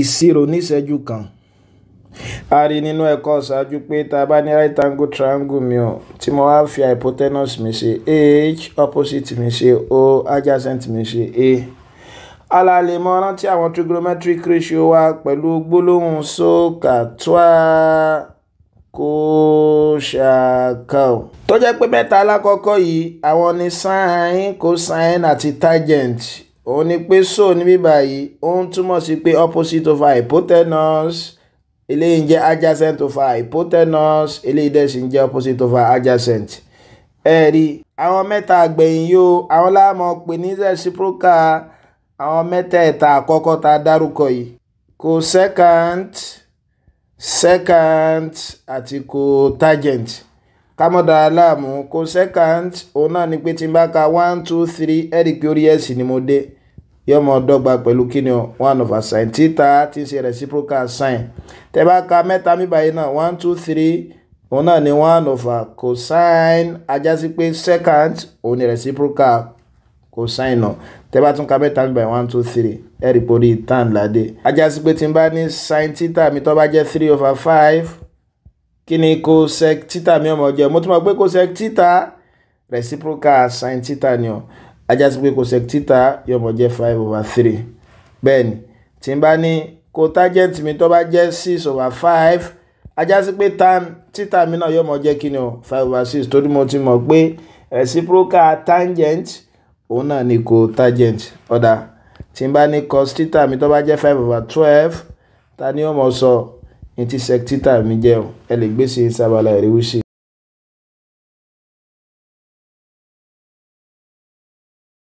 ìṣirò níṣẹ́jú kan a rí nínú ẹ̀kọ́ ṣáájú pé tá a bá ní right angle triangle mi ò tí mo wá fi hypotenuse mi ṣe ah opposite mi ṣe o adjacent mi ṣe a ala lè mọ rántí àwọn trigonometric ratio wa pẹ̀lú gbólóhùn sókàtúà kóṣàkàó tó jẹ́ pé mẹ́ta alákọ̀ọ́kọ́ yìí àwọn ni sine cosine àti tangent òun ni pé so níbí báyìí ó ń túmọ̀ sí pé opposite over hypotenuse eléyìí ń jẹ́ adjacent over hypotenuse eléyìí dẹ̀ sì ń jẹ́ opposite over adjacent ẹ̀rí àwọn mẹ́ta àgbẹ̀yìn yóò àwọn láàmú pè ní reciprocal àwọn mẹ́tẹ̀ẹ̀ta àkọ́kọ́ tá a dárúkọ yìí cosecant secant àti cotangent kámọ́dà aláàmú cosecant òun náà ni pé tí n bá ka one two three ẹ̀rí pé orí ẹ̀sìn ni mo dé yóò mọ dọ́gba pẹ̀lú kíni o one over sine títa tí ń ṣe reciprocal sine tẹ́ bá ka mẹ́ta mi báyìí náà one two three òun náà ni one over cosine ajá sí pé second òun ni reciprocal cosine náà tẹ́ bá tún ka mẹ́ta mi one two three ẹ̀ rí porí tan ládé ajá sí pé tí n bá ní sine títa mi tó bá jẹ́ three over five kí ni cosec títa mi ọmọ jẹ́ mo tún mọ̀ pé cosec títa reciprocal sine títa ni o ajá sí pé cosec títà yọmọ jẹ́ five over three bẹ́ẹ̀ ni tí n bá ní kó target mi tó bá jẹ́ six over five ajá sí pé tan títà mi náà yọmọ jẹ́ kí ni o five over six torí mo ti mọ̀ pé reciprocal tangent òun náà ni cotangent ọ̀dà tí n bá ní cos títà mi tó bá jẹ́ five over twelve ta ni ó mọ̀ sọ ní tí sec títà mi jẹ́ o ẹ lè gbé sí sábàlá ìrìwísì.